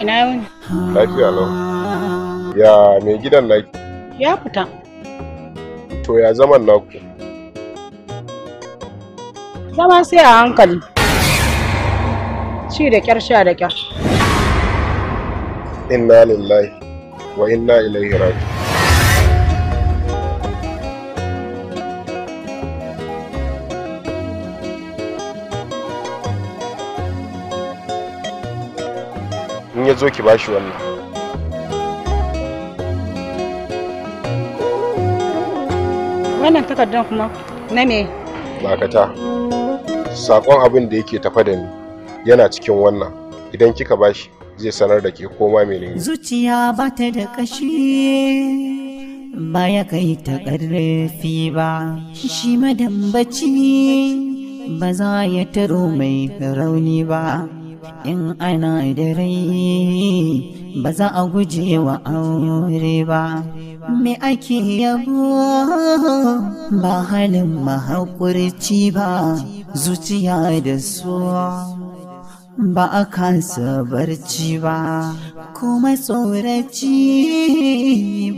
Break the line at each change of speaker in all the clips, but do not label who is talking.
Ina yau
Lafiya lau. Ya mai gidan naki? Ya fita. To ya zaman naku?
Zama sai a hankali. Ci da kyar sha da kyar.
Inna lillahi wa inna ilaihi raji. zo ki bashi wannan
wannan takardar kuma na me
bakata sakon abin da yake tafa da ni yana cikin wannan idan kika bashi zai sanar da ke koma menene
zuciya ba ta da kashi ba ya kai ta ƙarfi ba shi madambaci ba za ya taro mai rauni ba in ana da rai ba za a guje wa aure ba me ake yabo ba halin mahaƙurci ba zuciya da su ba a kansa barci ba kuma tsoraci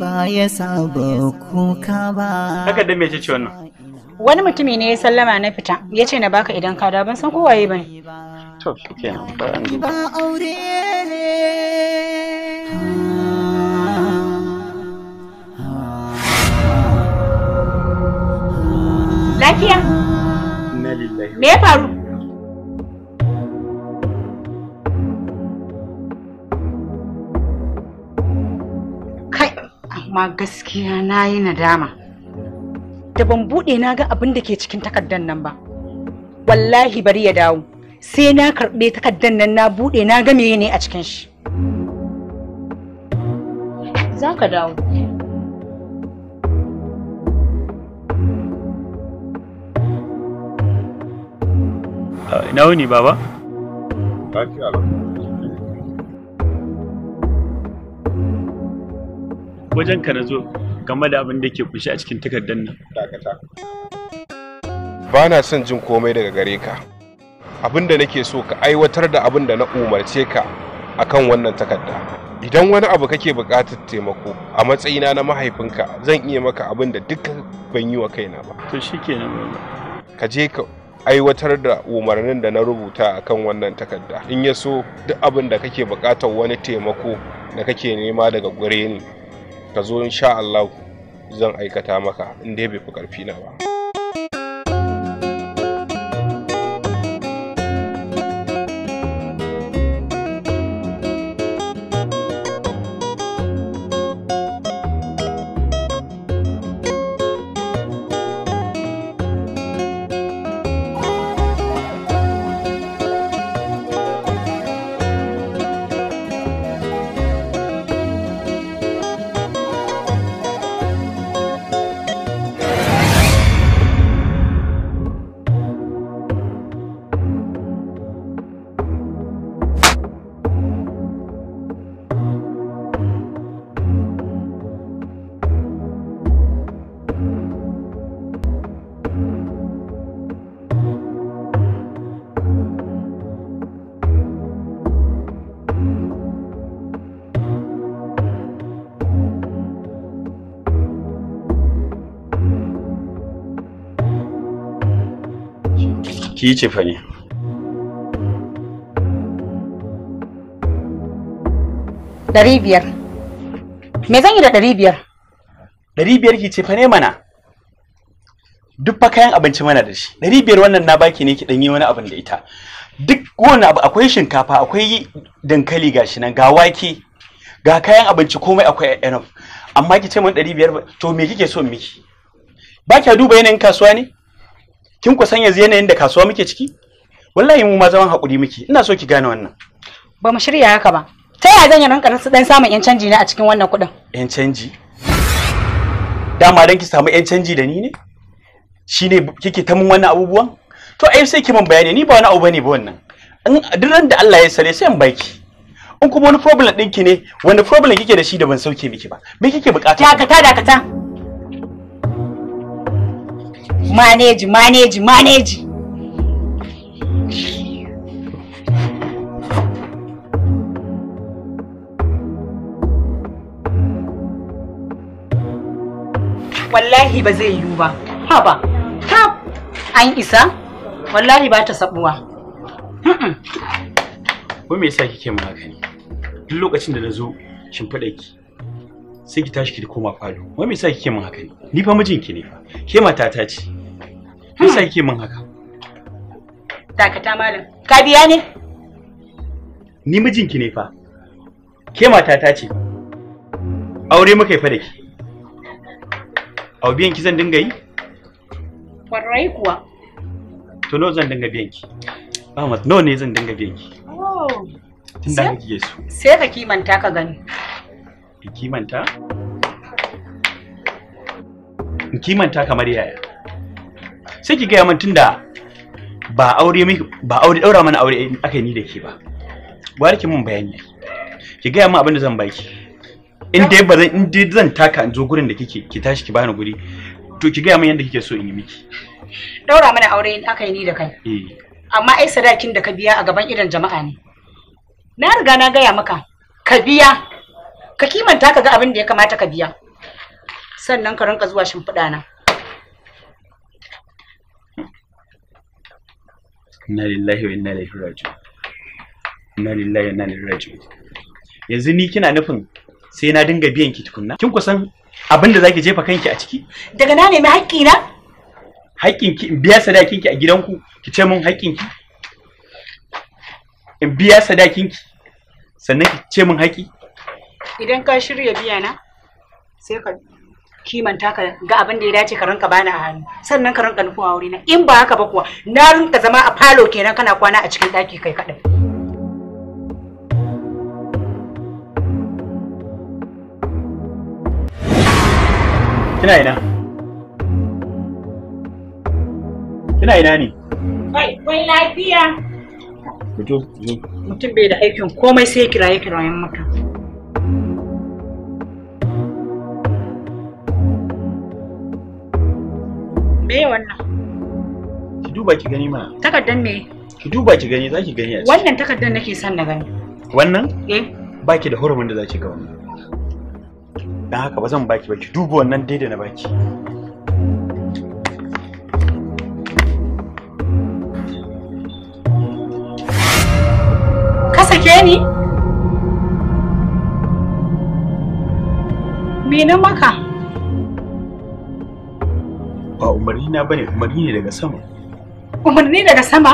ba ya saba kuka ba
haka da mece ce
wani mutumi ne ya sallama na fita ya ce na baka idan ka da ban san kowaye ne. to
ne
Me
faru? Kai, amma gaskiya na yi nadama. Da ban buɗe na ga abin da ke cikin takardar nan ba. Wallahi bari ya dawo. sai na karɓe takardar nan na buɗe na ga ne a cikin shi za
ka dawo
ina wuni baba wajen ka na zo game da abin da ke kunshi a cikin takardar nan
ba na son jin komai daga gare ka abin da nake so ka aiwatar da abin da na umarce ka a kan wannan takarda idan wani abu kake buƙatar taimako a matsayina na mahaifinka zan iya maka abin da duk ban yi wa kaina ba to shikenan ka je ka aiwatar da umarnin da na rubuta a kan wannan takarda in ya so duk abin da kake buƙatar wani taimako da kake nema daga gure ni ka zo sha Allah zan aikata maka in dai bai fi karfi na ba
ki yi cefane. Ɗari biyar. Me zan yi da ɗari biyar? Ɗari biyar ki cefane mana. Duk fa kayan abinci mana da shi. Ɗari biyar wannan na baki ne ki ɗanyi wani abin da ita. Duk wani abu akwai shinkafa akwai dankali gashi nan ga wake ga kayan abinci komai akwai enough. Amma ki ce mun ɗari biyar to me kike so miki? Ba kya duba yanayin kasuwa ne? kin ku san yanzu yanayin da kasuwa muke ciki wallahi mu ma zaman hakuri muke ina so ki gane wannan ba mu shirya haka ba ta yaya zan yi ranka rasu dan samun yan canji na a cikin wannan kuɗin yan canji dama dan ki samu yan canji da ni ne shine kike ta mun wannan abubuwan to ai sai ki mun bayani ni ba wani abu bane ba wannan duk ran da Allah ya sare sai in baki in kuma wani problem ɗinki ne wani problem kike da shi da ban sauke miki ba me kike bukata dakata dakata maneji
maneji maneji
wallahi ba zai yiwu ba ba ha
an isa wallahi ba ta sabuwa
ko me yasa kike mun haka duk lokacin da na zo shimfiɗa ki sai ki tashi ki koma falo wai me yasa kike mun haka ni fa mijinki ne fa ke matata ce Me yasa yake min haka?
Dakata malam,
ka biya ne? Ni mijinki ne fa. Ke matata ce. Aure muka yi fa da ke. Au ki zan dinga yi?
Kwarai kuwa.
To nawa zan dinga biyan ki? Ba ma nawa ne zan dinga biyan ki? Oh. Tun da kike so.
Sai ka kimanta ka gani.
Ki kimanta? Ki kimanta kamar yaya? sai ki gaya min tunda ba aure ba aure daura mana aure aka yi ni da ke ba gwara ki mun bayani ki gaya min abin da zan baki in dai ba zan in dai zan taka in zo gurin da kike ki tashi ki bani guri to ki gaya min yadda kike so in yi miki
daura mana aure aka yi ni da kai eh. amma ai sadakin da ka biya a gaban idan jama'a ne na riga na gaya maka ka biya ka kimanta ka ga abin da ya kamata ka biya sannan ka rinka zuwa shimfiɗa na
inna lillahi wa inna ilaihi raji'un inna lillahi wa inna ilaihi raji'un yanzu ni kina nufin sai na dinga biyan ki tukunna kin kusan abin da zaki jefa kanki a ciki daga na nemi haƙƙi na haƙƙin ki in biya sadakin ki a gidanku ki ce min haƙƙin ki in biya sadakin ki sannan ki ce min haƙƙi
idan ka shirya biya na sai ka kimanta ka ga abin da ya dace ka ranka bani a hannu sannan ka ranka nufin aure na in ba haka ba kuwa na rinka zama a falo kenan kana kwana a cikin ɗaki kai kaɗai.
Kina ina? Kina ina ne?
Kai, kai lafiya. Mutum bai da aikin komai sai ya kiraye kirayen mutum. me wannan
ki duba ki gani mana takardar me ki duba ki gani zaki gani a
wannan takardar nake son na gani
wannan eh baki da hurumin da zaki ga wannan dan haka ba zan baki ba ki duba wannan daidai na baki
ka sake ni me na maka
ba umarni na bane umarni ne daga sama
umarni daga sama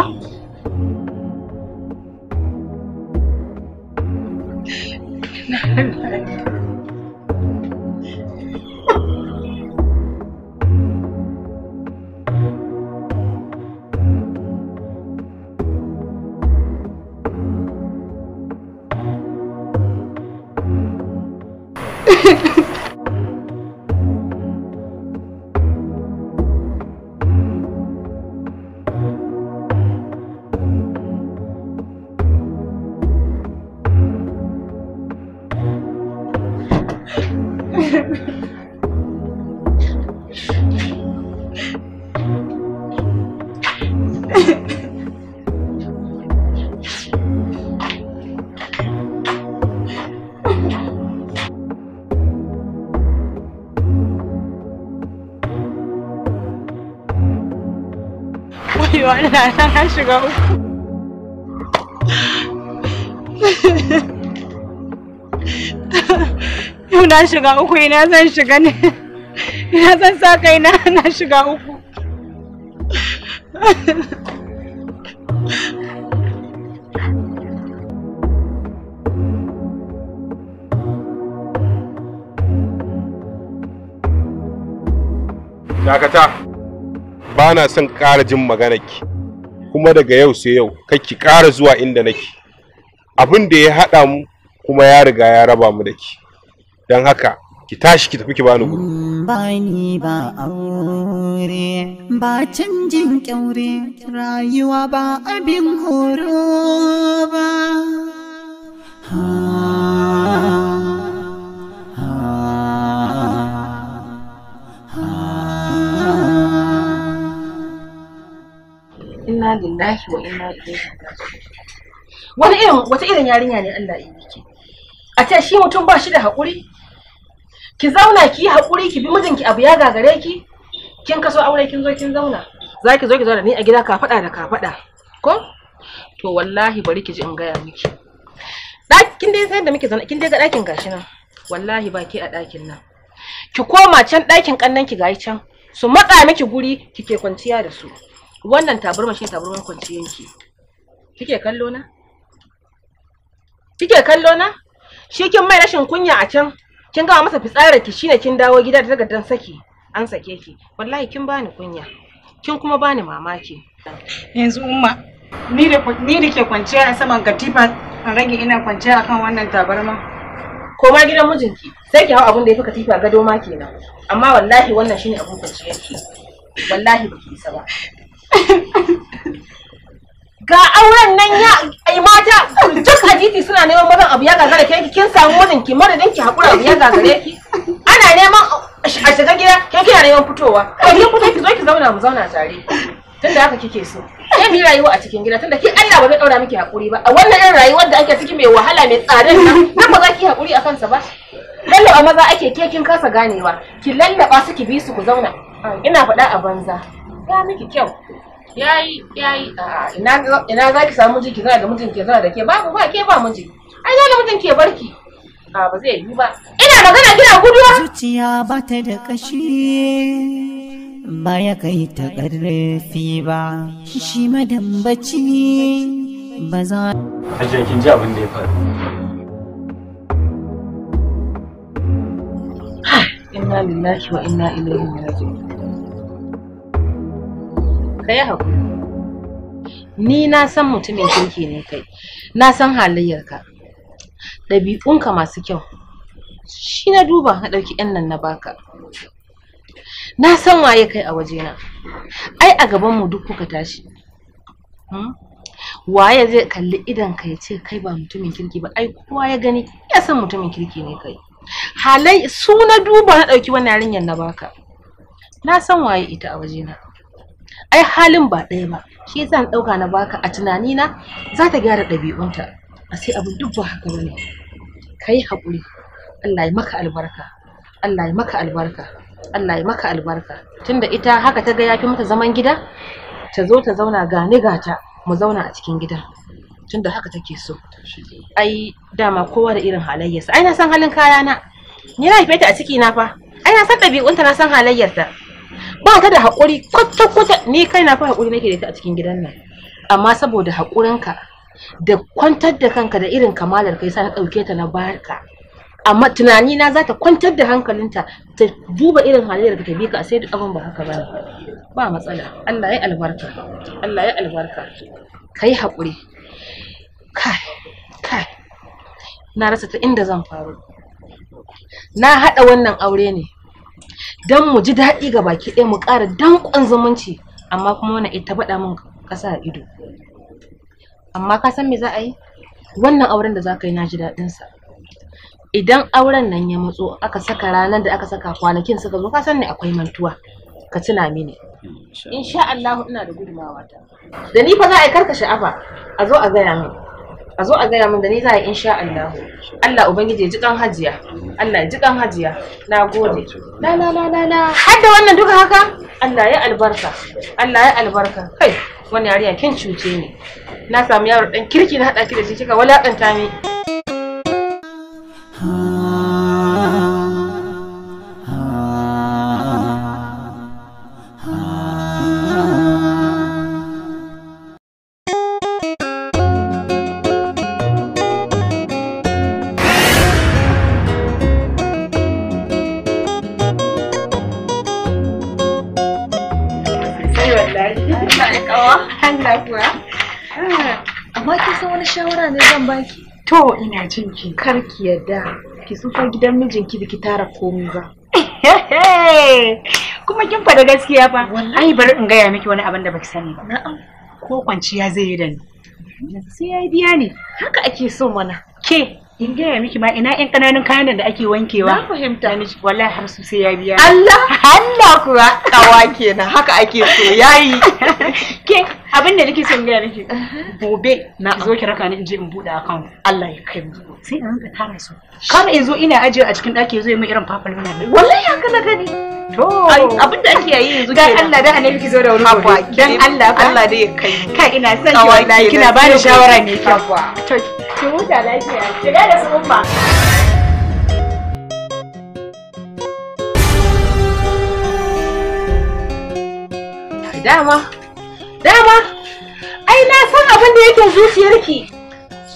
shiga na shiga uku ina zan shiga ne ina zan sa kai na na shiga uku
dakata ba na son ƙara jin maganarki kuma daga yau sai yau kake ƙara zuwa inda nake abin da ya haɗa mu kuma ya riga ya raba mu da ki don haka ki
tashi ki tafi ki bani gudu.
Mm, ba aure
lillahi wa inna ilaihi wani irin wata irin yarinya ne Allah ya miki a ce shi mutum ba shi da haƙuri ki zauna ki yi haƙuri ki bi mijinki abu ya gagare ki kin kaso aure kin zo kin zauna za ki zo ki zauna ni a gida ka faɗa da ka faɗa ko to wallahi bari ki ji in gaya miki kin dai san da muke zauna kin dai ga ɗakin gashi nan wallahi ba ke a ɗakin nan ki koma can ɗakin ƙannan ki gayi can su matsa miki guri kike kwanciya da su wannan tabarma shi taburman kwanciyanki kike kallo na kike kallo na shi kin mai rashin kunya a can kin gama masa fitsarar ki shine kin dawo gida da takardar saki an sake ki wallahi kin bani kunya kin kuma bani
mamaki yanzu umma ni da ni da ke kwanciya a saman katifa an rage ina kwanciya akan wannan tabarma koma gidan mijinki sai ki hau abin da ya fi katifa
gado ma kenan amma wallahi wannan shine abin kwanciyarki wallahi baki isa ba ga auren nan ya ai mata duk a suna neman mazan abu ya gagara ke kin samu mazan ki madadin ki hakura abu ya gagare ki ana neman a shiga gida ke kina neman fitowa to ki fito ki zo ki zauna mu zauna tare tunda haka kike so ke mi rayuwa a cikin gida tunda ki Allah ba zai daura miki hakuri ba a wannan irin rayuwar da ake ciki mai wahala mai tsare nan nan ba za ki hakuri a kansa ba lallaba maza ake ke kin kasa ganewa ki lallaba su ki bi su ku zauna ina faɗa a banza ya miki kyau yayi yayi ina ina za ki samu miji ki zana da mijin ki zana da ke babu ba ke ba miji ai dole mijin ke barki a ba zai yi ba ina magana kina guduwa
zuciya ba ta da kashi ba ya kai ta karfi ba shi madambaci ba za
Hajiya kin ji abin da ya faru
inna lillahi wa inna ilaihi raji'un ka yi haƙuri ni na san mutumin kirki ne kai na san halayyarka ɗabi'unka masu kyau shi na duba na ɗauki yan nan na baka na san waye kai a wajena ai a gabanmu duk kuka tashi hmm? waye zai kalli idan ka ya ce kai ba mutumin kirki ba ai kowa ya gani ya san mutumin kirki ne kai halai su na duba na ɗauki wani yarinyar na baka na san waye ita a wajena ai halin ba ɗaya ba shi yasa na ɗauka na baka a tunanina za ta gyara ɗabi'unta a sai abin duk ba haka bane ka yi haƙuri Allah ya maka albarka Allah ya maka albarka Allah ya maka albarka tunda ita haka ta ga yafi mata zaman gida ta zo ta zauna ga ni gata mu zauna a cikin gida. tunda haka take so ai dama kowa da irin halayyarsa ai na san halin kayana ni na haife ta a ciki na fa ai na san ɗabi'unta na san halayyarta ba ta da haƙuri kwata-kwata ni kai na fa haƙuri nake da ita a cikin gidan nan amma saboda haƙurinka da kwantar da kanka da irin kamalar kai sa na ɗauke ta na barka. amma tunani na za ta kwantar da hankalinta ta duba irin halayyar da ta bi ka sai da abin ba haka ba ba matsala Allah ya albarka
Allah ya albarka
kai haƙuri kai kai na rasa ta inda zan faru na haɗa wannan aure ne don mu ji daɗi ga baki ɗaya mu ƙara danƙon zumunci amma kuma wannan ita faɗa min ƙasa ido amma ka san me za a yi wannan auren da za ka yi na ji daɗin sa idan auren nan ya matso aka saka ranar da aka saka kwanakin suka zo ka san ne akwai mantuwa ka tuna mini insha Allah ina da gudumawa ta da ni fa za a yi karka sha'afa a zo a gaya min a zo a gaya min da ni za a yi insha Allah Allah ubangiji ya ji kan hajiya Allah ya ji kan hajiya na gode la la la la la har da wannan duka haka Allah ya albarka Allah ya albarka kai wani yariya kin cuce ni na samu yaro dan kirki na hada ki da shi kika
ta ni
ina jin ki kar ki yadda ki tsufa gidan mijinki ki tara komai ba kuma kin faɗa gaskiya fa ai bari in gaya miki wani abin da baki sani ba na'am ko kwanciya zai yi da ni sai yayi biya ne haka ake so mana ke in gaya miki ma ina yan kananun kayan da ake wankewa na fahimta ni wallahi har su sai ya biya Allah Allah kuwa kawa kenan haka ake so yayi ke abin da nake son gaya nake gobe na zo ki raka ni in je in bude account Allah ya kai mu sai an ka tara su kar in zo ina ajiye a cikin daki zo yi min irin papal mina wallahi haka na gani to abin da ake yayi yanzu dan Allah dan anan ki zo da wani gobe dan Allah Allah dai ya kai mu kai ina son ki wallahi kina bani shawara ne to ki huta lafiya shiga da su umma
dama Dama, ai na san abin da yake zuciyarki.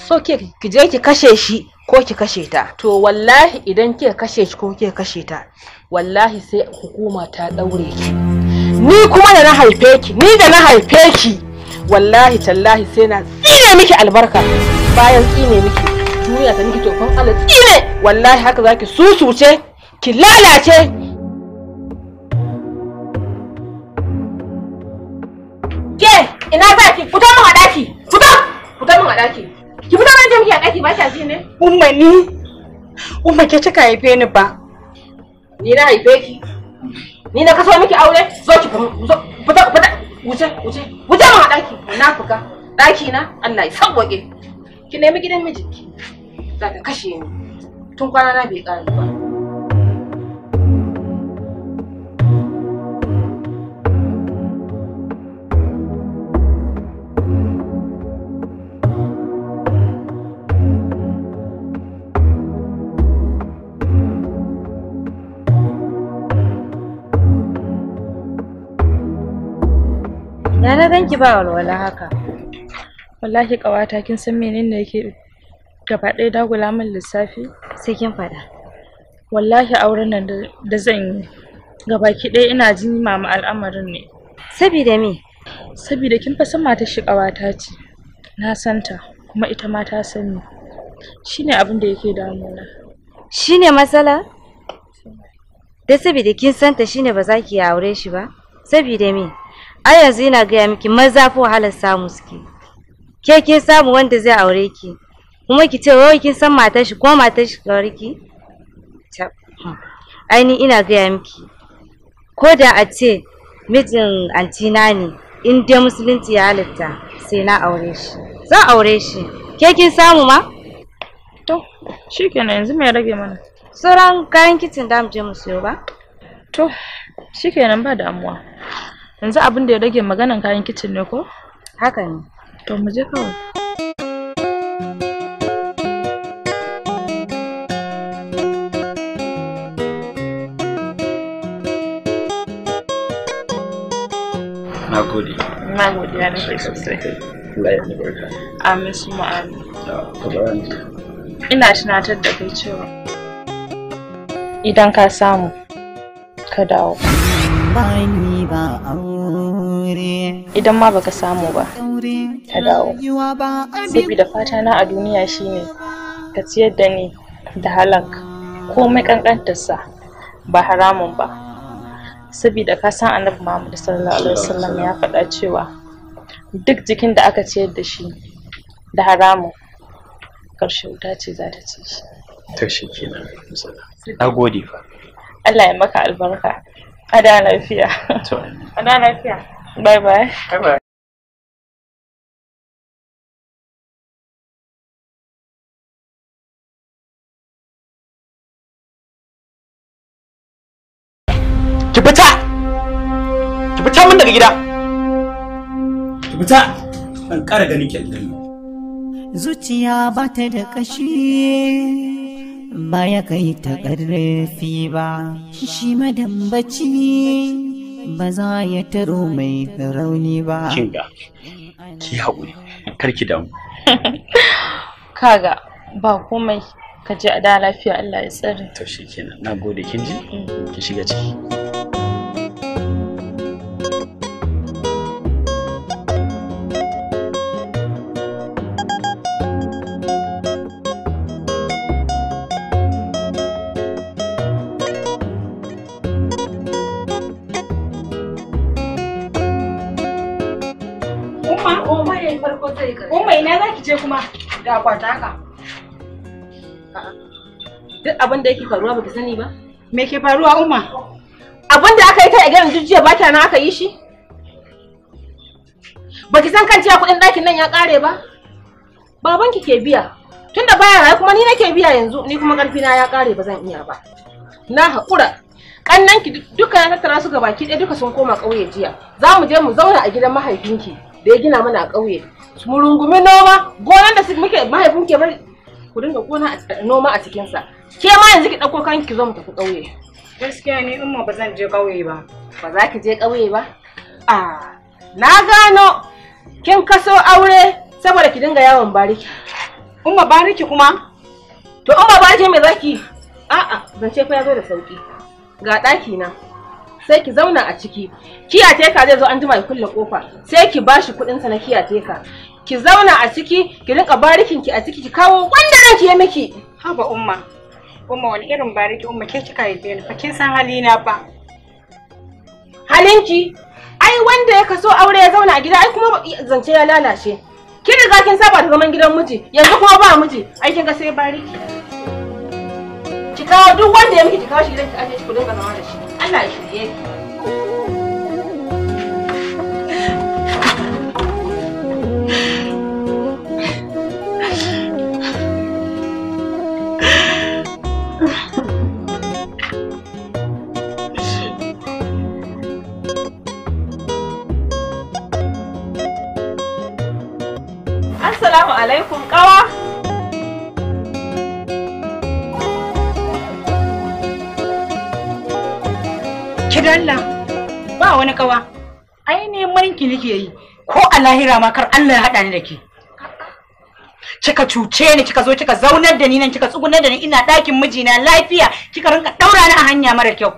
So ke ki je ki kashe shi ko ki kashe ta. To wallahi idan ke kashe shi ko ke kashe ta, wallahi sai hukuma ta daure ki.
Ni kuma da na
haife ki, ni da na haife ki. Wallahi tallahi sai na tsine miki albarka. Bayan tsine miki, duniya ta miki tofan Allah tsine. Wallahi haka zaki susuce, ki lalace, ina za ki fito mun a daki Fito! Fito mun a daki ki fito mun jami'a daki ba ki ne
umma ni umma ke cika haife ni ba
ni na haife ki ni na kaso miki aure
zo ki fita fita wuce
wuce wuce mun a daki na fuka daki na Allah ya sauke ki nemi gidan mijinki za ta kashe ni tun kwana na bai ƙare ba
ki ba walwala haka wallahi ƙawata kin san menene yake gaba ɗaya dagula min lissafi sai kin faɗa wallahi auren nan da zan yi ki ɗaya ina jin mama al'amarin ne sabida me sabida kin fa san mata shi ƙawata ce na santa kuma ita ma ta ni shine abin da yake damuna shine matsala
da sabida kin santa shine ba za ki aure shi ba sabida me ai yanzu ina gaya miki maza fa wahalar samu suke ke kin samu wanda zai aure ki kuma ki ce wai kin san matar shi ko matar shi ga riki hmm. ai ni ina gaya miki ko da a ce mijin antina ne in dai musulunci ya halitta sai na aure shi zan aure shi ke kin samu ma
to shikenan yanzu me rage mana sauran kayan kicin da mu je mu siyo ba to shikenan ba damuwa yanzu abin da ya rage maganan kayan kicin ne ko haka ne to mu je kawai
na gode na gode ya nufi sosai Allah ya nufarka
amin su ina tunatar da kai cewa idan ka samu ka dawo ba
ni ba
idan ma baka samu ba ka dawo da fata na a duniya shine ka ciyar da ni da halak komai kankantarsa ba haramun ba Sabida ka san annabi Muhammad sallallahu alaihi wasallam ya faɗa cewa duk jikin da aka ciyar da shi da haramun karshe wuta ce za ta ci shi
to shi kenan na gode fa
Allah ya maka albarka a lafiya a da lafiya Bye bye.
Bye bye.
Kibita! Kibita min daga gida! Kibita! Ban ƙara ganin ki
Zuciya ba ta da ƙashi ba ya kai ta ƙarfi ba, shi madambaci ba za ya taro mai rauni
ba. Kinga, ki haƙuri, karki damu.
Kaga ba komai ka ji a da lafiya Allah ya tsare.
To shi kenan, na gode kin ji, mm. ki shiga ciki.
da akwata haka duk abin da yake faruwa baki sani ba me ke faruwa umma abin da aka yi ta a gidan jujjuya ba ta na aka yi shi baki san kan cewa kuɗin ɗakin nan ya ƙare ba babanki ke biya tunda baya rayu kuma ni nake biya yanzu ni kuma ƙarfi na ya ƙare ba zan iya ba na haƙura ƙannanki duka ya tattara su gabaki ɗaya duka sun koma ƙauye jiya za mu je mu zauna a gidan mahaifinki da ya gina mana a ƙauye mu noma gonan da muke mahaifin ke bari ku dinga gona noma a cikinsa ke ma yanzu ki ɗauko kan ki zo mu tafi ƙauye gaskiya ne umma ba zan je ƙauye ba ba za ki je ƙauye ba a na gano kin kaso aure saboda ki dinga yawon bariki umma bariki kuma to umma bariki me zaki a'a zance fa ya zo da sauki ga ɗaki na sai ki zauna a ciki Kiyate ka zai zo an jima ki kulle kofa sai ki bashi kudin sa na kiyate ka ki zauna a ciki ki rinka barikin ki a ciki ki kawo
wanda ranki ya miki haba umma umma wani irin bariki umma ke kika yi ni fa kin san halina ba halinki ai wanda ya kaso aure ya zauna
a gida ai kuma zance ya lalace kin riga kin saba da zaman gidan miji yanzu kuma ba miji ai kin ga sai bariki ki kawo duk wanda ya miki ki kawo shi gidan ki aje ki ku dinga zama da shi Allah shirye ki Assalamu alaikum kawa
dalla ba wani kawa ai neman manki nake yi ko a lahira ma kar Allah ya hada ni da ke kika cuce ni kika zo kika zaunar da ni nan kika tsugunar da ni ina ɗakin mijina lafiya kika rinka daura ni a hanya mara kyau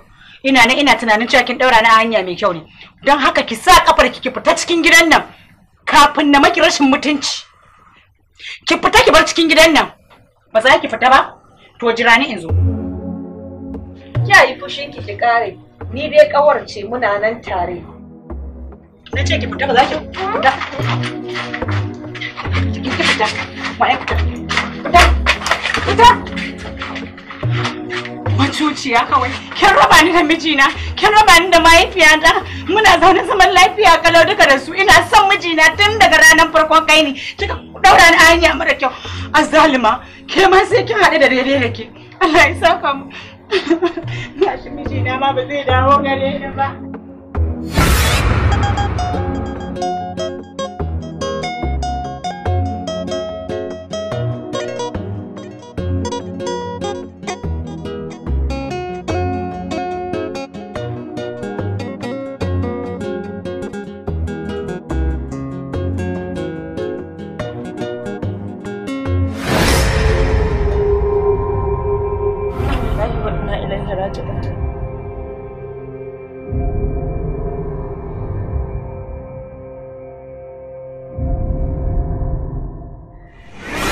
ina ne ina tunanin cewa kin daura ni a hanya mai kyau ne don haka ki sa kafar ki ki fita cikin gidan nan kafin na maki rashin mutunci ki fita ki bar cikin gidan nan ba za ki fita ba to jira ni in zo
ki fushin
ki ki kare ni dai kawar ce muna nan tare
na ce ki fita ba za ki fita ki fita ma'aikata fita fita macuciya kawai kin raba ni da mijina kin raba ni da mahaifiya ta? muna zaune zaman lafiya kalau duka da su ina son mijina tun daga ranar farkon kai ne kika daura ni a hanya mara kyau azalima ke ma sai kin haɗu da daidai da ke Allah ya saka mu Gashi mijina ma ba zai dawo gare ni ba.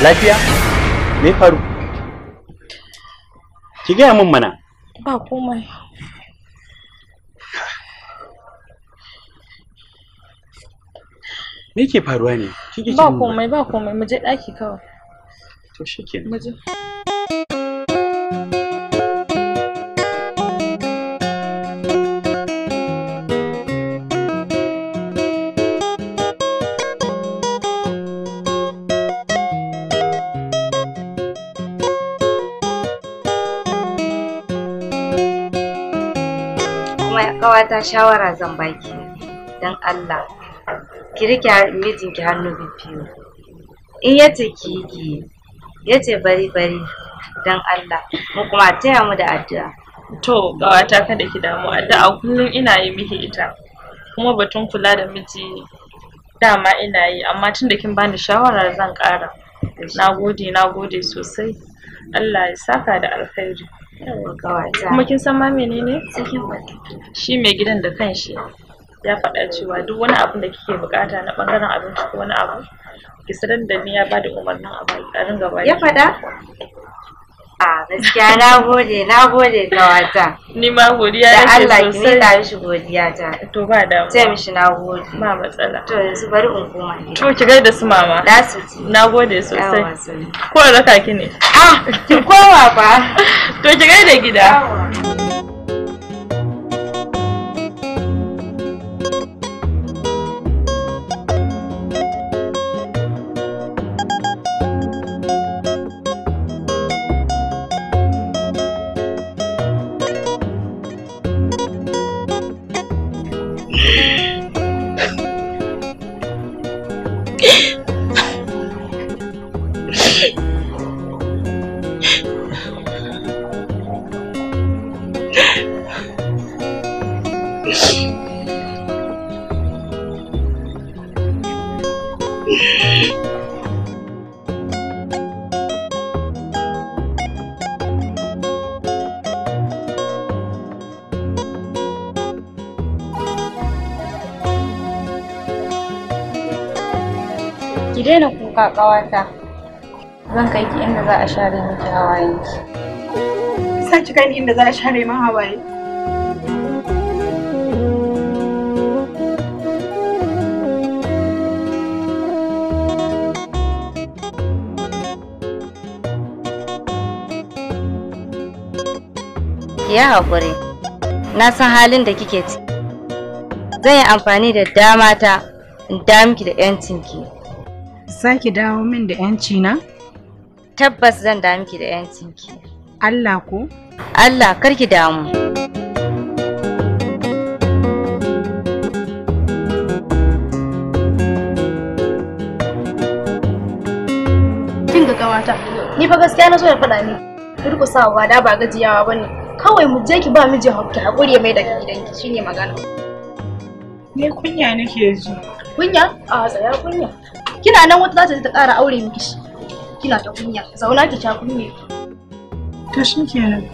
Lafiya? Me faru? Ki gaya min mana. Ba komai. Me ke faruwa ne? Ba komai ba
komai mu je ɗaki kawai. To shikenan. Mu je.
ta shawara zan baki don Allah ki rike mijinki hannu biyu in ya ce ki yi ya ce bari bari don Allah mu kuma taya mu da addu'a
to gawata kada ki damu addu'a kullum ina yi miki ita kuma batun kula da miji dama ina yi amma tun da kin bani shawara zan ƙara na gode na gode sosai Allah ya saka da alkhairi kuma kin san ma menene shi mai gidan da kanshi ya faɗa cewa duk wani abu da kike bukata na bangaren abinci ko wani abu ki sanar da ni ya bada umarnin a ringa baki ya faɗa A gaskiya na gode, na gode ga wata. Ni ma
godiya ya ce sosai. Da Allah ki nuna mishi godiya ta. To ba Ce mishi na gode. Ba matsala. To yanzu bari in koma gida.
To ki gaida su mama. su Na gode sosai. Ko raka ki ne? Ah, ki To ki gaida gida. Yawa. Kawata, zan kai ki inda
za a share miki hawaye. Sa ki kai ni inda za a share min hawaye.
Ya haƙuri, na san halin da kike ci. Zan yi amfani da damata in damki da 'yancinki. Za ki dawo min da 'yanci na? Tabbas zan da miki da ki. Allah ko? Allah kar ki damu.
Kin ga gawata, ni fa gaskiya na so ya faɗa ni. Durƙusawa da ba gajiyawa ba ne. Kawai mu je ki ba miji hakki haƙuri mai da
gidanki shine magana.
Me kunya nake ji.
Kunya? A tsaya kunya. kina nan wata za ta ƙara aure miki kina ta kunya zauna
ki ta kunya to shi kenan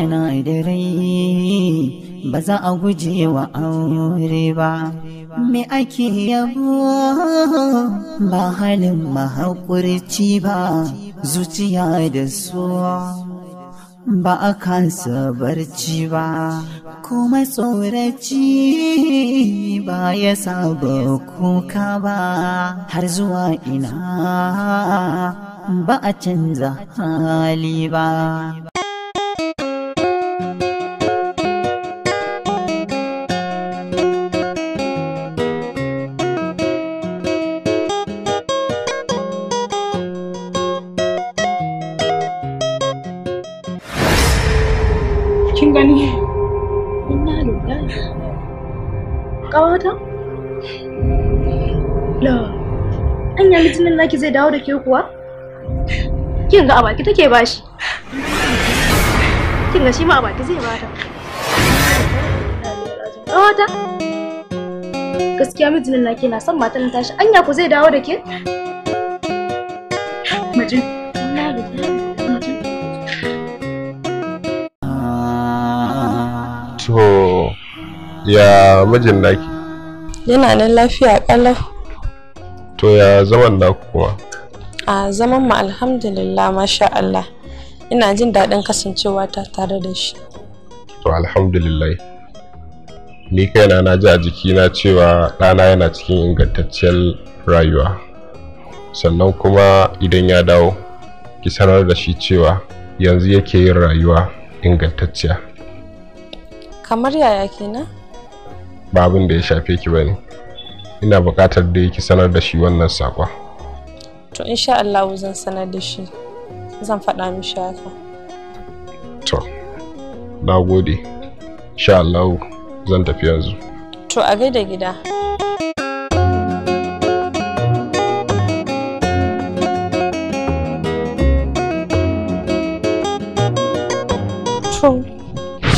rana da ba za a guje wa aure ba me ake yabo ba halin mahaƙurci ba zuciya da suwa ba a kansa barci ba kuma tsoraci ba ya saba kuka ba har zuwa ina ba a canza hali ba
kin gani inna lillahi
kawata
la anya litinin naki zai dawo da ke kuwa kin ga abaki take bashi kin ga shi ma abaki zai bata kawata gaskiya mijinin naki na son matan tashi anya ku zai dawo da ke
ya mijin naki
yana nan lafiya ƙalaf.
to ya zaman naku kuma
a zaman mu alhamdulillah masha Allah ina jin daɗin kasancewa ta tare da shi
to alhamdulillah ni kaina na ji a jikina cewa ɗana yana cikin ingantacciyar rayuwa sannan kuma idan ya dawo ki sanar da shi cewa yanzu yake yin rayuwa ingantacciya
kamar yaya kenan
ba abin da ya shafe ki bane ina buƙatar da yake sanar da shi wannan sakwa.
to insha Allah zan sanar da shi zan faɗa mishi haka
to na gode insha Allah zan tafi yanzu
to a gaida gida to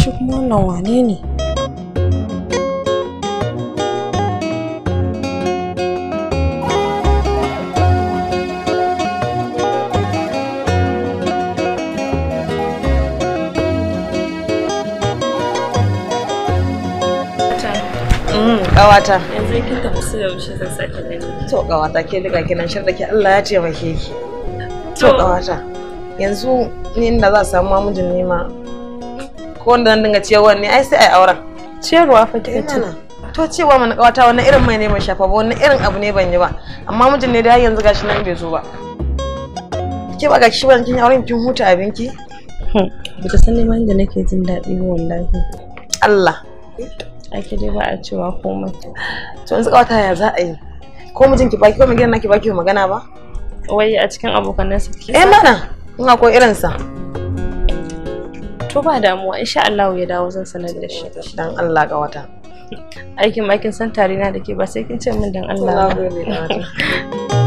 shi kuma wannan wane ne
Ƙawata. Yanzu kin tafi
su yaushe zan sake gani.
To ƙawata ke daga kinan shar da ke Allah ya ke ki. To ƙawata. Yanzu ni inda za samu mamujin nema ko wanda zan dinga ciyarwa ne ai sai ai auren. Ciyarwa fa eh, kika tana to cewa mana kawata wani irin mai ne mai shafa ba wani irin abu ne ban yi ba amma mijin ne da yanzu gashi nan bai zo ba ke ba gashi ba kin auren kin huta abinki
hmm. ba ta san neman da nake jin daɗi wallahi
Allah ake dai ba a cewa komai to yanzu kawata ya za a yi ko mijin ki baki ko mai gina ki baki magana ba
wai a cikin abokanan sa ke eh
mana in ko irin sa
to ba damuwa insha Allah ya dawo zan sanar da shi dan Allah ga wata aikin makin san tare na da ke ba sai kin ce min dan Allah Allah ya dawo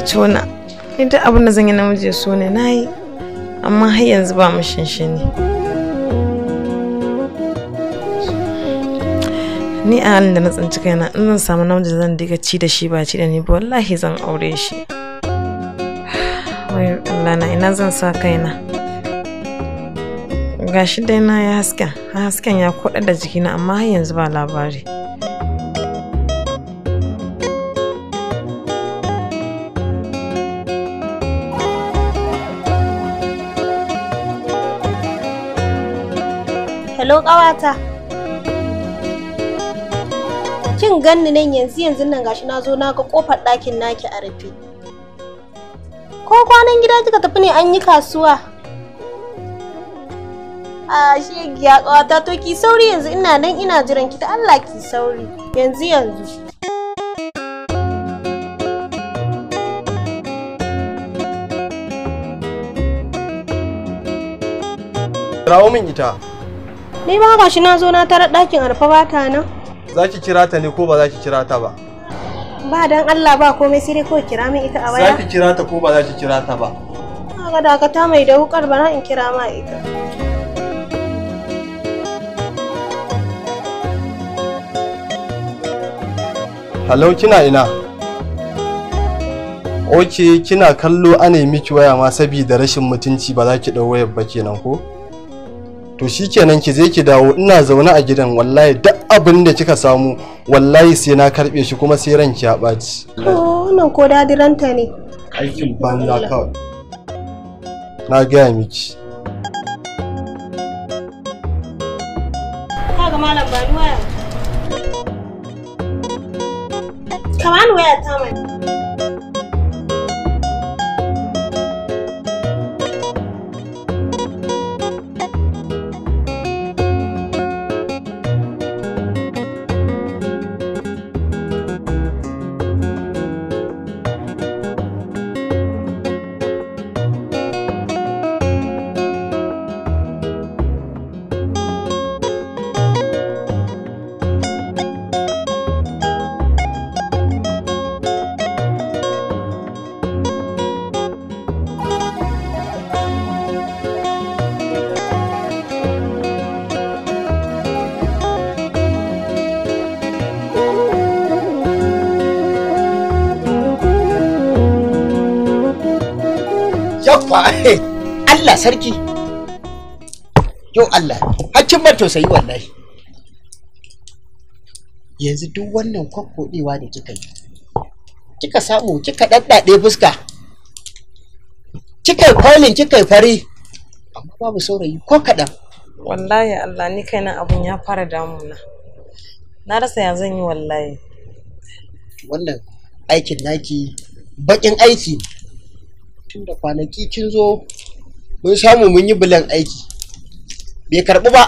kai na ni duk abin da zan yi namiji so ne na yi amma har yanzu ba mu shinshini ni a halin da na tsinci kaina in zan samu namiji zan diga ci da shi ba ci da ni ba wallahi zan aure shi wai Allah na ina zan sa kaina gashi dai na ya hasken hasken ya kuɗa da jikina amma har yanzu ba labari
Hello ƙawata. Kin ganni nan yanzu yanzu nan gashi na zo na ga kofar ɗakin naki a rufe. Ko kwanan gida kika tafi ne an yi kasuwa? A shi ya ƙawata to ki sauri yanzu ina nan ina jiran ki ta Allah ki sauri yanzu yanzu.
Rawo min ita.
Ni ba shi na zo na tarar ɗakin arfa ba ta nan.
Za ki kira ta ne ko ba za ki kira ta ba?
Ba dan Allah ba komai sai dai kawai kira min ita a waya. Za ki
kira ta ko ba za ki kira ta ba?
Kaga dakata mai da wukar bara in kira ma ita.
Halau kina ina? Oke kina kallo ana miki waya ma saboda rashin mutunci ba za ki ɗau wayar ba kenan ko? to shi kenan ki je ki dawo ina zaune a gidan wallahi duk abin da kika samu wallahi sai na karbe shi kuma sai ki ya ɓaci.
wannan ko dadiranta ne
aikin banza kawai na gaya miki
kaga
malam ba ni waya ka waya ta
fa Allah sarki yo Allah hakkin ban tausayi wallahi yanzu duk wannan kwakkodewa da kika yi kika samu kika daddade fuska kika yi kwalin kika yi fari amma babu saurayi ko kaɗan wallahi
Allah ni kaina abun ya fara damuna na rasa ya zan yi wallahi
wannan aikin naki bakin aiki tunda kwanaki kin zo mun samu mun yi bilan aiki bai karɓi ba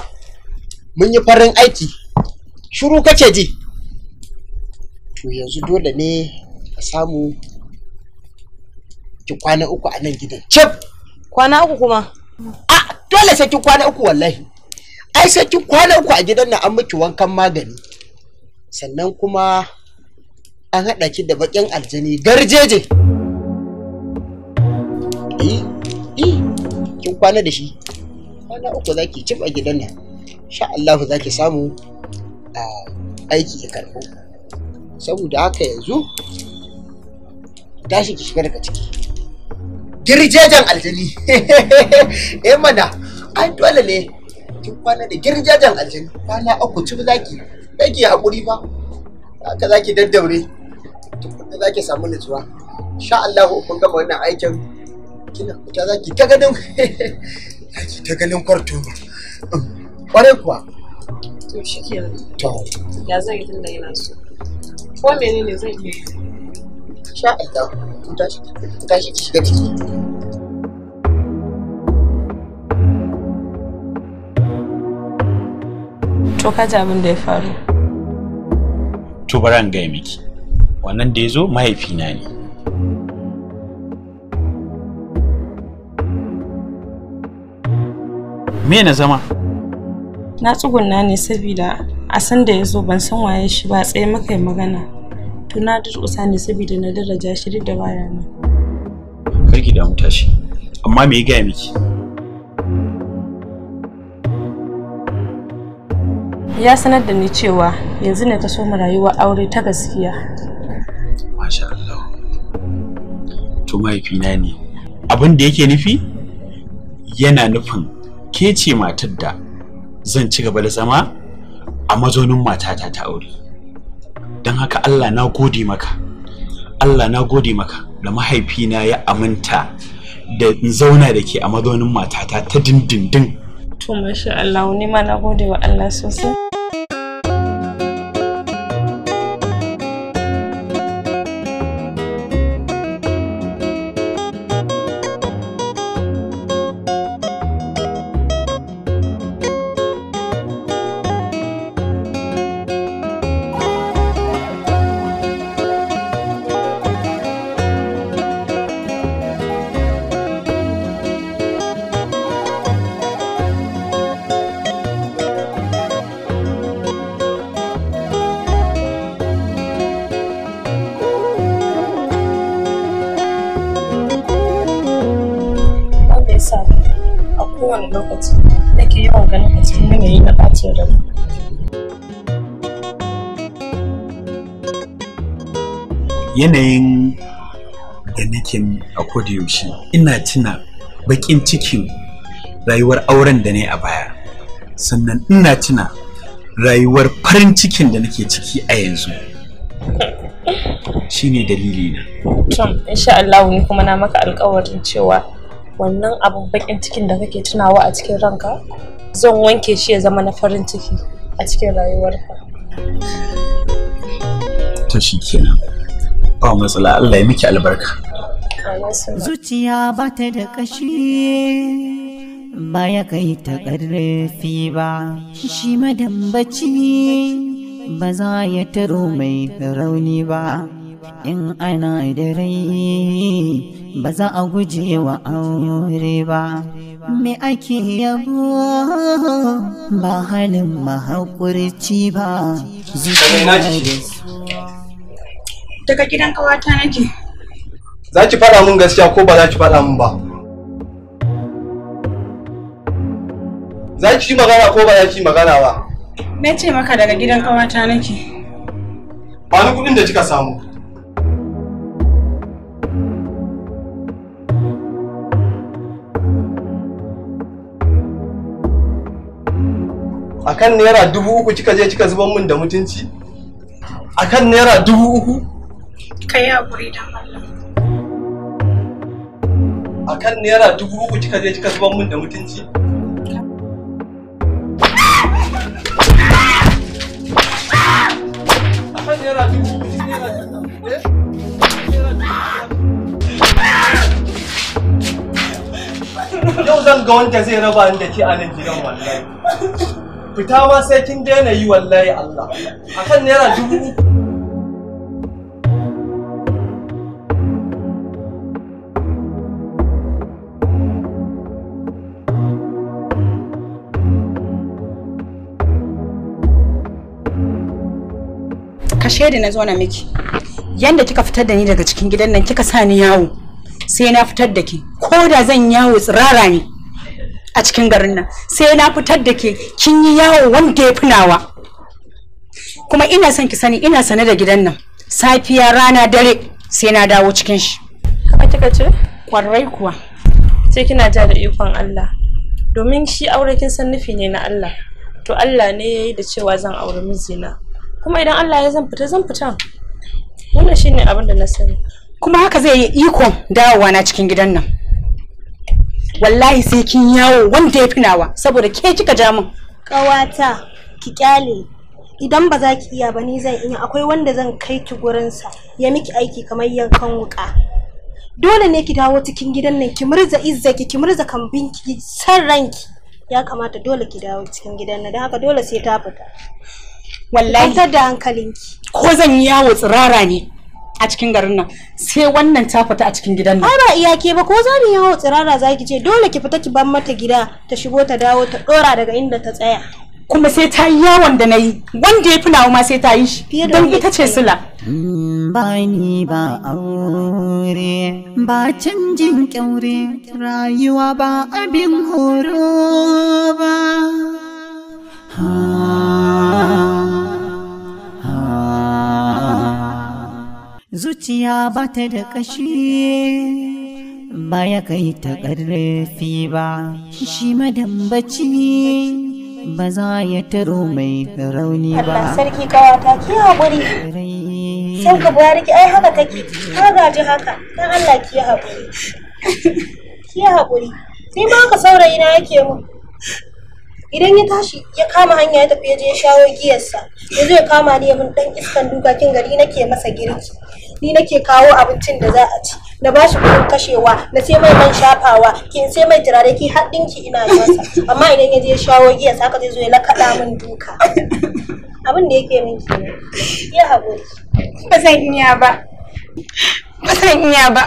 mun yi farin aiki shuru kace ji to yanzu dole ne a samu ki kwana uku a nan gidan cif kwana uku kuma a dole sai ki kwana uku wallahi ai sai ki kwana uku a gidan nan an miki wankan magani sannan kuma an haɗa ki da baƙin aljani garjeje E, e, kin kwana da shi kwana uku za ki cif a gidan nan sha Allah za ki samu aiki ya karɓo saboda haka yanzu tashi ki shiga daga ciki girjejen aljani eh mana an dole ne kin kwana da girjejen aljani kwana uku cif za ki yake haƙuri ba haka za ki daddaure za ki samu nutsuwa sha Allahu kun gama wannan aikin kina fita za ki ta ganin ki ta ganin kwarto kwarai kuwa to shi to
ya zai yi tunda yana so ko
menene zan yi sha Allah ku tashi ku tashi ki shiga ciki
to ka ji abin da ya faru
to bari an gaya miki wannan da ya zo mahaifina ne me na zama
na tsugunna ne saboda a san da ya zo ban san waye shi ba tsaye maka magana to na durƙusa ne saboda na daraja shi duk da baya nan
karki damu tashi amma me ya gaya miki
ya sanar da ni cewa yanzu ne ta so mu rayuwar aure ta gaskiya.
Masha Allah. To mahaifina ne. Abin da yake nufi yana nufin ke ce matar da zan ci gaba da zama a mazaunin matata ta aure don haka Allah na gode maka Allah na gode maka da mahaifina ya aminta da in zauna da ke a mazaunin matata ta dindindin
to masha Allah ni ma na gode wa Allah sosai
yanayin da nake a yaushe ina tuna bakin cikin rayuwar auren da ne a baya sannan ina tuna rayuwar farin cikin da nake ciki a yanzu shine dalili na tom
insha Allah ni kuma na maka alkawarin cewa wannan abin bakin cikin da kake tunawa a cikin ranka zan wanke shi ya zama na farin ciki a cikin rayuwarka
to shi kenan babu matsala Allah ya miki albarka
zuciya ba
ta da kashi ba ya kai ta ƙarfi ba shi madambaci ba za ya taro mai rauni ba in ana da rai ba za a guje wa aure ba me ake yabo ba halin mahaƙurci ba zuciya da
daga gidan kawata nake
za ki faɗa min gaskiya ko ba za ki faɗa min ba za ki yi magana ko ba za ki yi magana ba
na ce maka daga gidan kawata nake ba ni kuɗin da kika samu
akan naira dubu uku kika je kika zuban min da mutunci akan naira dubu
uku
Ka yi haƙuri don Allah.
A kan naira dubu uku kika je kika zuban min da mutunci? Yau zan ga wanda zai raba ni da ke a nan gidan wallahi. Fita ma sai kin daina yi wallahi Allah. A kan naira dubu uku.
ka shaida na zauna miki yanda kika fitar da ni daga cikin gidan nan kika sa ni yawo sai na fitar da ke ko da zan yawo tsirara ne a cikin garin nan sai na fitar da ke kin yi yawo wanda ya fi kuma ina son ki sani ina sane da gidan nan safiya rana dare sai na dawo cikin shi
A kika ce kwarai kuwa sai kina ja da ikon Allah domin shi aure kin san nufi ne na Allah to Allah ne yayi da cewa zan aure mijina kuma idan Allah ya zan fita zan fita wannan shine abin da na sani
kuma haka zai yi iko dawowa na cikin gidan nan wallahi sai kin yawo wanda ya finawa saboda ke kika ja min
kawata ki kyale idan ba za ki iya ba ni zan iya akwai wanda zan kai ki gurinsa ya miki aiki kamar yankan wuka dole ne ki dawo cikin gidan nan ki murza izzaki ki murza kambin ki san ranki ya kamata dole ki dawo cikin gidan nan don haka dole sai ta fita
wallahi ta da
hankalinki
ko zan yi yawo tsirara ne a cikin garin nan sai wannan ta fita a cikin gidan nan ba
iya ke ba ko za mu yawo tsirara zaki ce dole ki fita ki ban mata gida ta shigo ta dawo ta dora daga inda ta tsaya
kuma sai ta yi yawon da na yi wanda ya fi ma sai ta yi shi don ita ce sila
bani ba aure ba canjin kyaure rayuwa ba abin horo ba zuciya ba ta da ƙashi ba ya kai ta ƙarfi ba shi madambaci ba za ya taro mai rauni ba Allah
sarki ta ki guri
sai ka bayar ki ai haka kake ka gaji haka kan Allah ki haƙuri ki haƙuri ni ma ka saurayi na yake mu
idan ya tashi
ya kama hanya ya tafi ya je ya shawo giyarsa ya zo ya kama ni ya mun dan iskan duka kin gari nake masa girki ni nake kawo abincin da za a ci na ba shi kuɗin kashewa na sai mai man shafawa ki sai mai turare ki har ɗinki ina yi masa amma idan ya je ya shawo giya saka zai zo ya lakaɗa min duka abin da yake min kenan ya haƙuri ba zan iya ba ba zan iya ba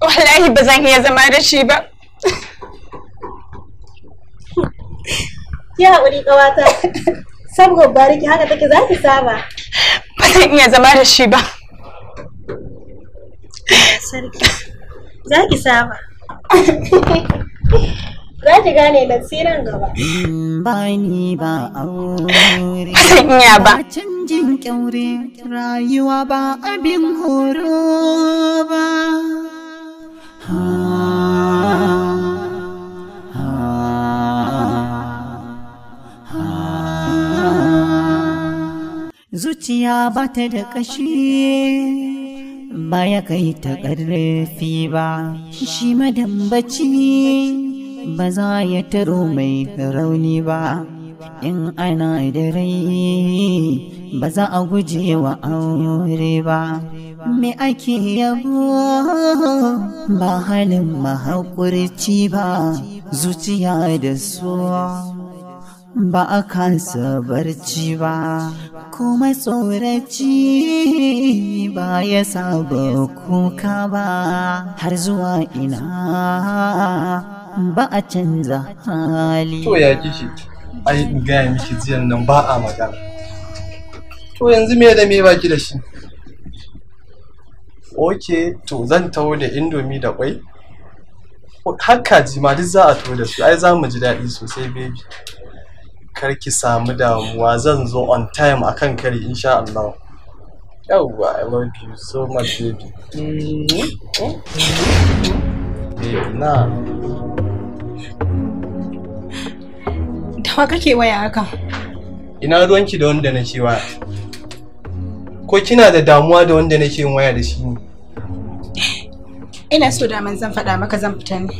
wallahi ba zan iya zama da shi ba ya haƙuri ƙawata saboda bariki haka take za ki saba
ba zan iya zama da shi ba
sarki za ki saba za ki gane na tsiran gaba
ba ni ba aure sanya ba
canjin kyaure rayuwa ba
abin horo ba Zuciya ba ta da kashe. ba ya kai ta ƙarfi ba shi madambaci ba za ya taro mai rauni ba in ana da rai ba za a guje wa aure ba me ake yabo ba halin mahaƙurci ba zuciya da suwa ba a kan barci ba kuma tsoraci ba ya saba kuka ba har zuwa ina ba a canza hali to ya
kishi ai in gaya miki jiyan nan ba a magana
to
yanzu me da me baki
da shi
ok to zan tawo da indomi da kwai haka kaji ma duk za a tawo da su ai za mu ji daɗi sosai baby kar ki samu damuwa zan zo on time a kan kari insha Allah yawwa i love you so much baby baby na
dawa kake waya haka
ina ruwanki da wanda na ce waya ko kina da damuwa da wanda nake yin waya da shi ne
ina so da man zan faɗa maka zan fita ne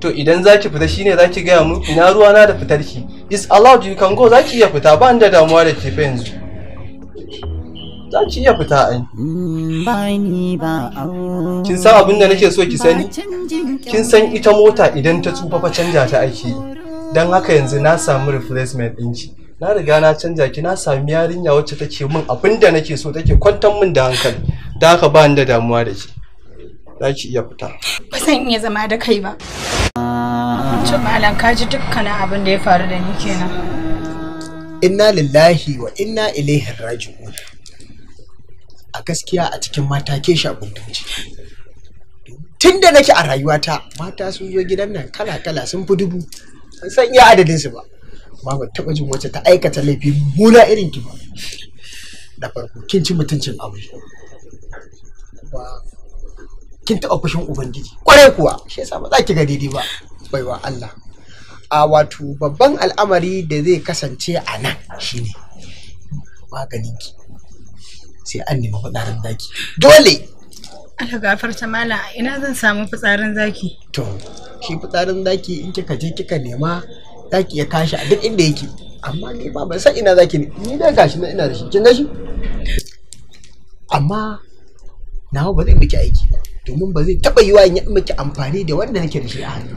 to idan za ki fita shine za ki gaya mu ina ruwana da fitar ki is allowed you can go za ki iya fita ba da damuwa da ke fa yanzu za ki iya fita ai kin san abin da nake so ki sani kin san ita mota idan ta tsufa fa canja ta ake yi don haka yanzu na samu replacement ɗinci, na riga na canja ki na sami yarinya wacce take min abin da nake so take kwantar min da hankali da haka ba da damuwa da ke za ki iya fita
ba zan iya zama da kai ba To malam ka ji dukkanin abin da ya faru da ni kenan.
Inna lillahi wa inna ilaihi raji'un. A gaskiya a cikin mata ke shagun dauji. Tun da nake a rayuwata mata sun zo gidan nan kala-kala sun fi dubu. Ban san iya adadin su ba. Ba ban taɓa jin wacce ta aikata laifi muna irin ki ba. Da farko kin ci mutuncin abu. Kin taɓa fushin Ubangiji. Kwarai kuwa, shi yasa ba za ki ga daidai ba. baiwa Allah a wato babban al'amari da zai kasance a nan shine maganinki sai an nemi fitsarin zaki dole
aka gafarta mala ina zan samu fitsarin zaki
to shi fitsarin zaki in kika je kika nema zaki ya kashi a duk inda yake amma ni ba ban san ina zaki ne ni da gashi na ina da shi kin gashi amma nawa ba zai miki aiki ba domin ba zai taba yiwa in yi miki amfani da wanda nake da shi a hannu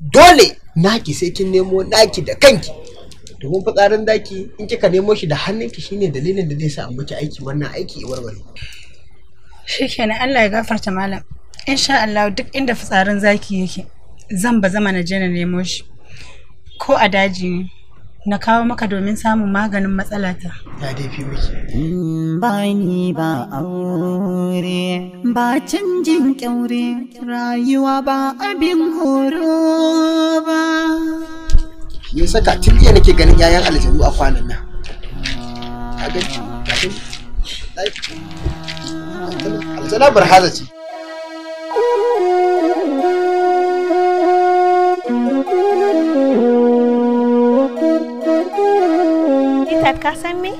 dole naki sai kin nemo naki da kanki domin fitsarin daki in kika nemo shi da hannunki shine dalilin da zai sa an miki aiki wannan aiki warware
shikenan Allah ya gafarta malam insha Allah duk inda fitsarin zaki yake zan ba zama na je na nemo shi ko a daji ne na kawo maka domin samun maganin matsalata. Ya dai fi miki.
Mm, ba ni ba aure, ba canjin kyaure, rayuwa ba abin
horo ba. Me saka tun iya nake ganin yayan aljanu a kwanan nan. Ka ce.
ka san me?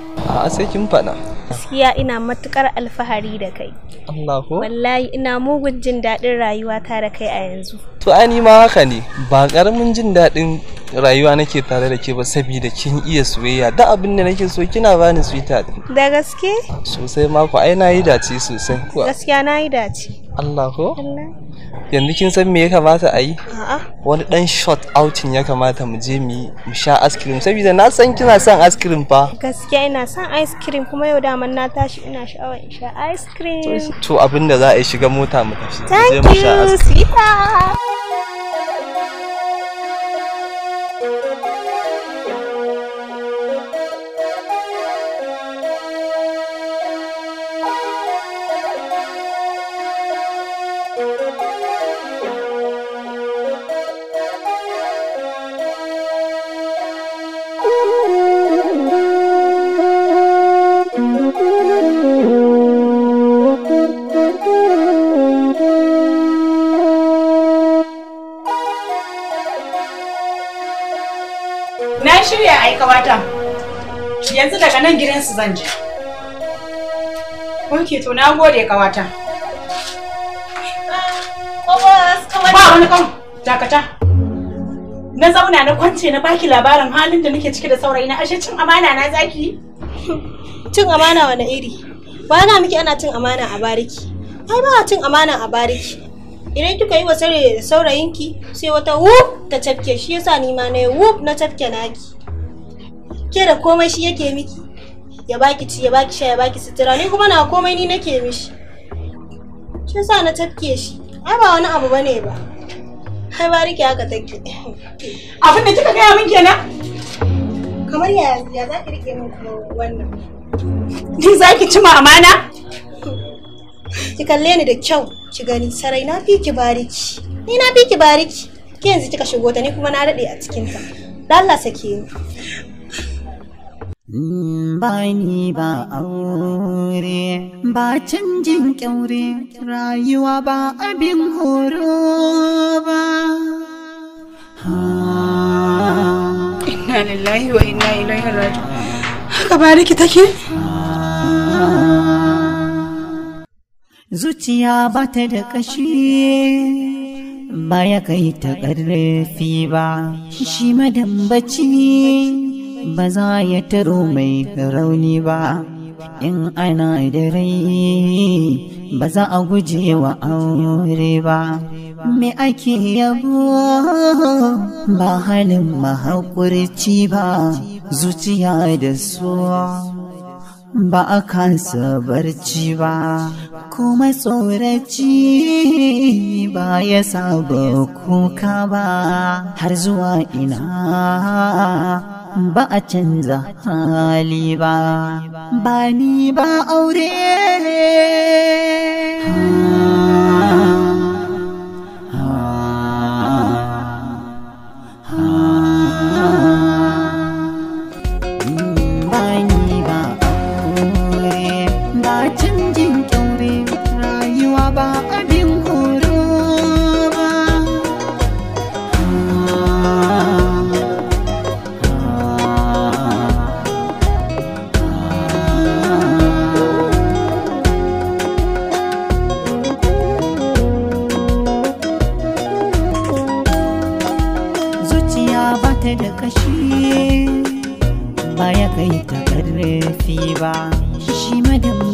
a sai kin faɗa.
Gaskiya ina matukar alfahari da kai. Allahu. Wallahi ina mugun jin daɗin rayuwata da kai a yanzu.
To ai ma haka ne ba ƙaramin jin daɗin rayuwa nake tare da ke ba saboda kin iya soyayya da abin da nake so kina bani sweetheart. Da gaske? Sosai mako ai na yi dace sosai.
Gaskiya na yi dace. Allahu. Allah.
yanzu kin san me ya kamata a yi wani dan shot outing ya kamata mu je mu sha ice cream saboda na san kina son ice cream fa
gaskiya ina son ice cream kuma yau da na tashi ina sha'awar in sha ice cream to
abinda za a yi shiga mota mu tafi je mu sha ice
shirya ai kawata. Yanzu daga nan gidansu zan je. Oke to na gode kawata.
Ba wani
kan dakata. Na zauna na kwance na baki labarin halin da nake ciki da
saurayina ashe cin amana na zaki. Cin amana wani iri? Ba na miki ana cin amana a bariki. Ai ba cin amana a bariki. idan kika yi wa saurayinki sai wata wuf ta cafke shi yasa ni ma na yi wuf na cafke naki ke da komai shi yake miki ya baki ci ya baki sha ya baki sutura ni kuma na komai ni nake mishi shi sa na tafke shi ai ba wani abu bane ba ai ba rike haka take
abin da kika gaya min kenan
kamar ya ya za ki rike min wannan
ni za ki ci amana
ki kalle ni da kyau ki gani sarai na fi ki bariki ni na fi ki bariki ki yanzu kika shigo ta ni kuma na daɗe a cikin ta Allah sake ni
Bani ba aure, ba canjin ƙyaure, rayuwa ba abin horo ba.
Inna lillahi wa inna ilaihi raji. Haka ba riki take?
Zuciya ba ta da ƙashi, ba ya kai ta ƙarfi ba, shi madambaci. ba za ya taro mai rauni ba in ana da rai ba za a guje wa aure ba me ake yabo ba halin mahaƙurci ba zuciya da suwa ba a kansa barci ba kuma tsoraci ba ya saba kuka ba har zuwa ina ba a canza hali ba ba ni ba aure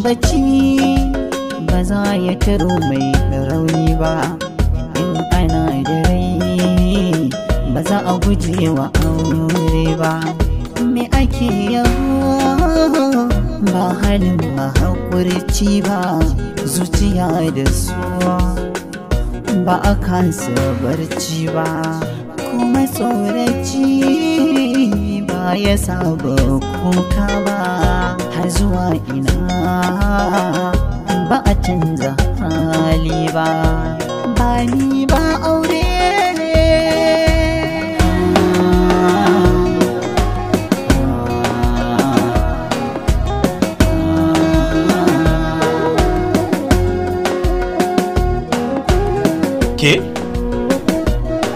bacci ba za ya taro mai rauni ba in ana da rai ba za a guje wa aure ba me ake yawa ba halin ba haƙurci ba zuciya da suwa ba a kan barci ba kuma tsoraci ba ya saba kuka ba zuwa ina ba a canza hali ba ba ni ba aure ne.
ke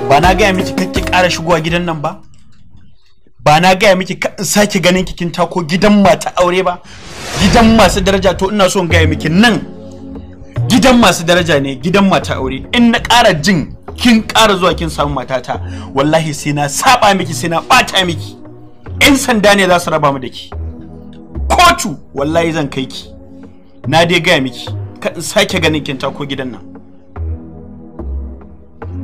ba na gaya miki kake ƙara shigowa gidan nan ba na gaya miki in sake ganin kikin tako gidan mata aure ba gidan masu daraja to ina so in gaya miki nan gidan masu daraja ne gidan mata aure in na ƙara jin kin ƙara zuwa kin samu matata wallahi sai na saba miki sai na ɓata miki 'yan sanda ne za su raba mu da ki kotu wallahi zan kai ki na dai gaya miki ka in sake ganin kin tako gidan nan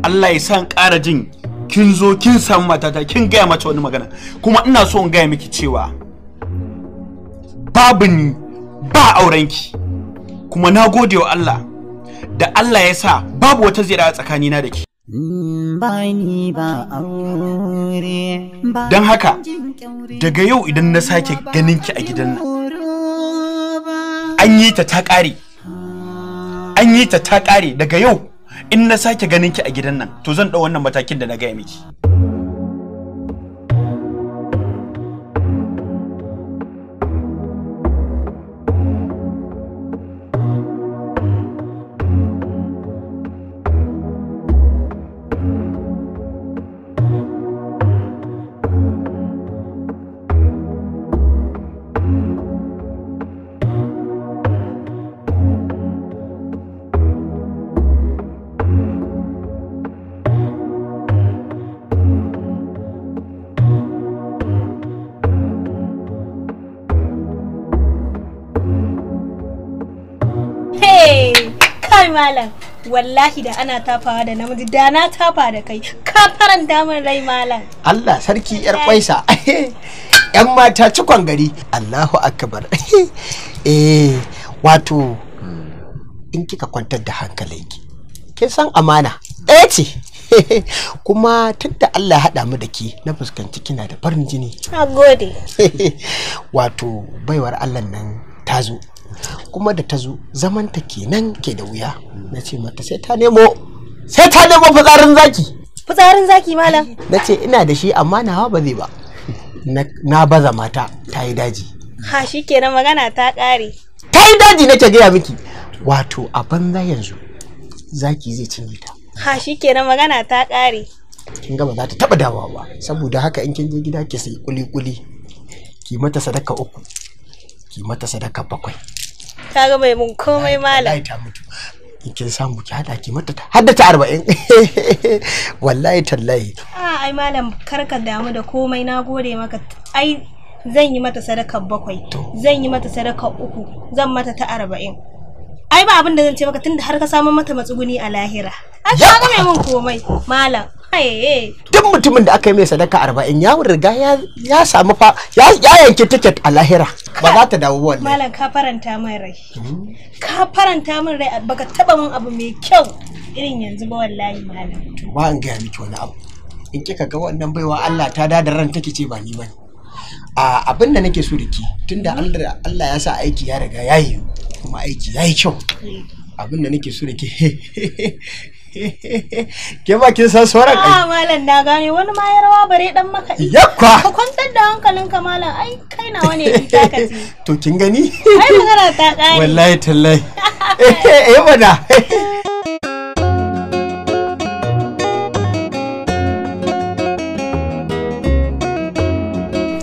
Allah ya san ƙara jin kin zo kin samu matata kin gaya mace wani magana kuma ina so in gaya miki cewa babu ni ba aurenki kuma na gode wa Allah da Allah ya sa babu wata zira tsakanina da ke. Don haka daga yau idan na sake ganin ki a gidan nan an yi ta ta ƙare an yi ta ta ƙare daga yau in na sake ganin ki a gidan nan to zan ɗau wannan matakin da na gaya miki
malam wallahi da ana tafawa da namiji da na tafa da kai ka damar rai malam
Allah sarki yar kwaisa yan mata cikon gari Allahu akbar eh wato in kika kwantar da hankalinki kin san amana ɗaya eh ce kuma tunda Allah ya haɗa mu da ki na fuskanci kina da farin jini. a gode. Wato baiwar Allah nan ta zo. kuma da ta zo zaman ta kenan ke da wuya na ce mata sai ta nemo sai ta nemo fitsarin zaki fitsarin zaki malam na ce ina da shi amma nawa ba zai ba na baza mata ta yi daji
ha shi kenan magana ta ƙare
ta yi daji nake gaya miki wato a banza yanzu zaki zai cinye ta
ha shi kenan magana ta ƙare
kin ga ba za ta taba dawowa ba saboda haka in kin je gida ki sai kuli kuli ki mata sadaka uku ki mata sadaka bakwai
kaga mai mun komai malam ta mutu
kin samu ki hada ki mata hadda ta 40 wallahi tallahi
a ai malam karka damu da komai na gode maka ai zan yi mata sadaka bakwai zan yi mata sadaka uku zan mata ta arba'in ai ba abin da zan ce maka tunda har ka samu mata matsuguni a lahira ai ka ga mun komai malam eh.
duk mutumin da aka yi mai sadaka arba'in ya riga ya samu fa ya yanke ticket a lahira ba za ta dawo wannan
malam ka faranta min rai ka faranta min rai baka taba min abu mai kyau irin yanzu ba wallahi malam
ba an ga miki wani abu in kika ga wannan baiwa Allah ta da ran take ce ba ni bane a abin da nake so da tun tunda Allah ya sa aiki ya riga ya yi kuma aiki ya yi kyau abin da nake so da ki ke ba kin san sauran ai a ah,
malam na gane wani ma ya rawa bare dan maka yakwa ka kwantar da hankalin ka malam ai kai nawa ne in taka
to kin gani
ai magana ta kare wallahi
tallahi eh eh bada eh,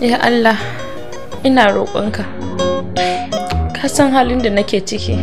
ya Allah ina roƙonka ka san halin da nake ciki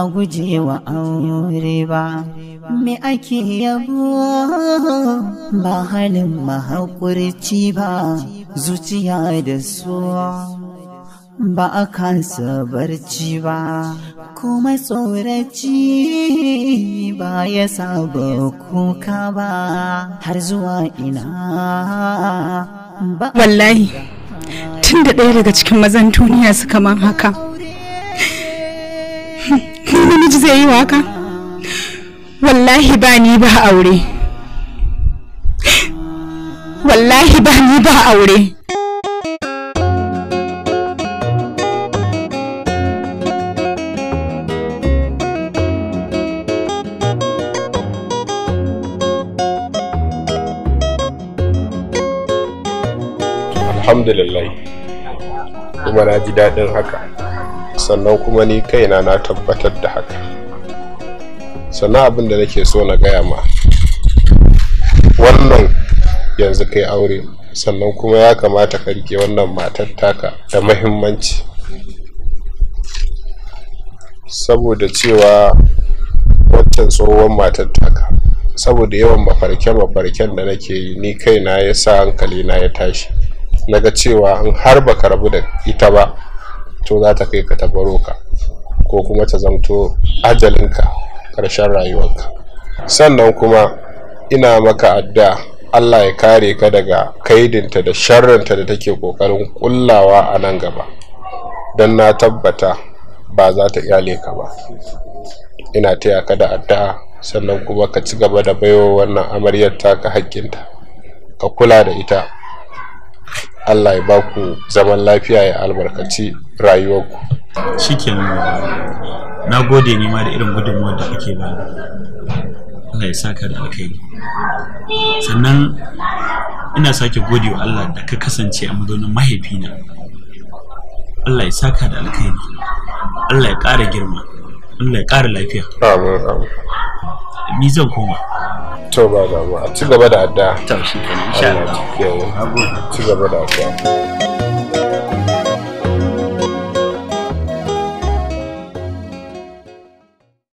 a guje wa aure ba me ake yabo ba halin mahaƙurci ba zuciya da su ba a kansa barci ba kuma tsoraci ba ya saba kuka ba har zuwa ina
ba wallahi tun da ɗaya daga cikin mazan duniya suka man haka ni namiji zai yi waka wallahi ba ni ba aure wallahi ba ni ba aure
alhamdulillah kuma na ji daɗin haka sannan kuma ni kaina na tabbatar da haka sannan abin da nake so na gaya ma wannan yanzu kai aure sannan kuma ya kamata ka rike wannan matar taka da mahimmanci saboda cewa wancan tsohon matar taka saboda yawan mafarke-mafarken da nake yi ni kaina ya sa hankali na ya tashi naga cewa in har baka rabu da ita ba to za ta kai ka ta ka ko kuma ta zamto ajalinka ƙarshen rayuwarka sannan kuma ina maka adda Allah ya kare ka daga kaidinta da sharranta da take ƙoƙarin ƙullawa a nan gaba don na tabbata ba za ta iyale ka ba ina taya ka da addu'a sannan kuma ka ci gaba da baiwa wannan amaryar taka haƙƙinta ka kula da ita allah ya baku zaman lafiya ya albarkaci rayuwarku
shikenan na gode ne ma da irin gudunmuwar da kake ba allah ya saka da alkhairi sannan ina sake gode wa allah da ka kasance a madonin mahaifina allah ya saka da alkhairi allah ya ƙara girma Allah ya ƙara lafiya amin amin ni zan koma
to ba da a ci gaba da adda ta shi kenan insha Allah ci gaba da adda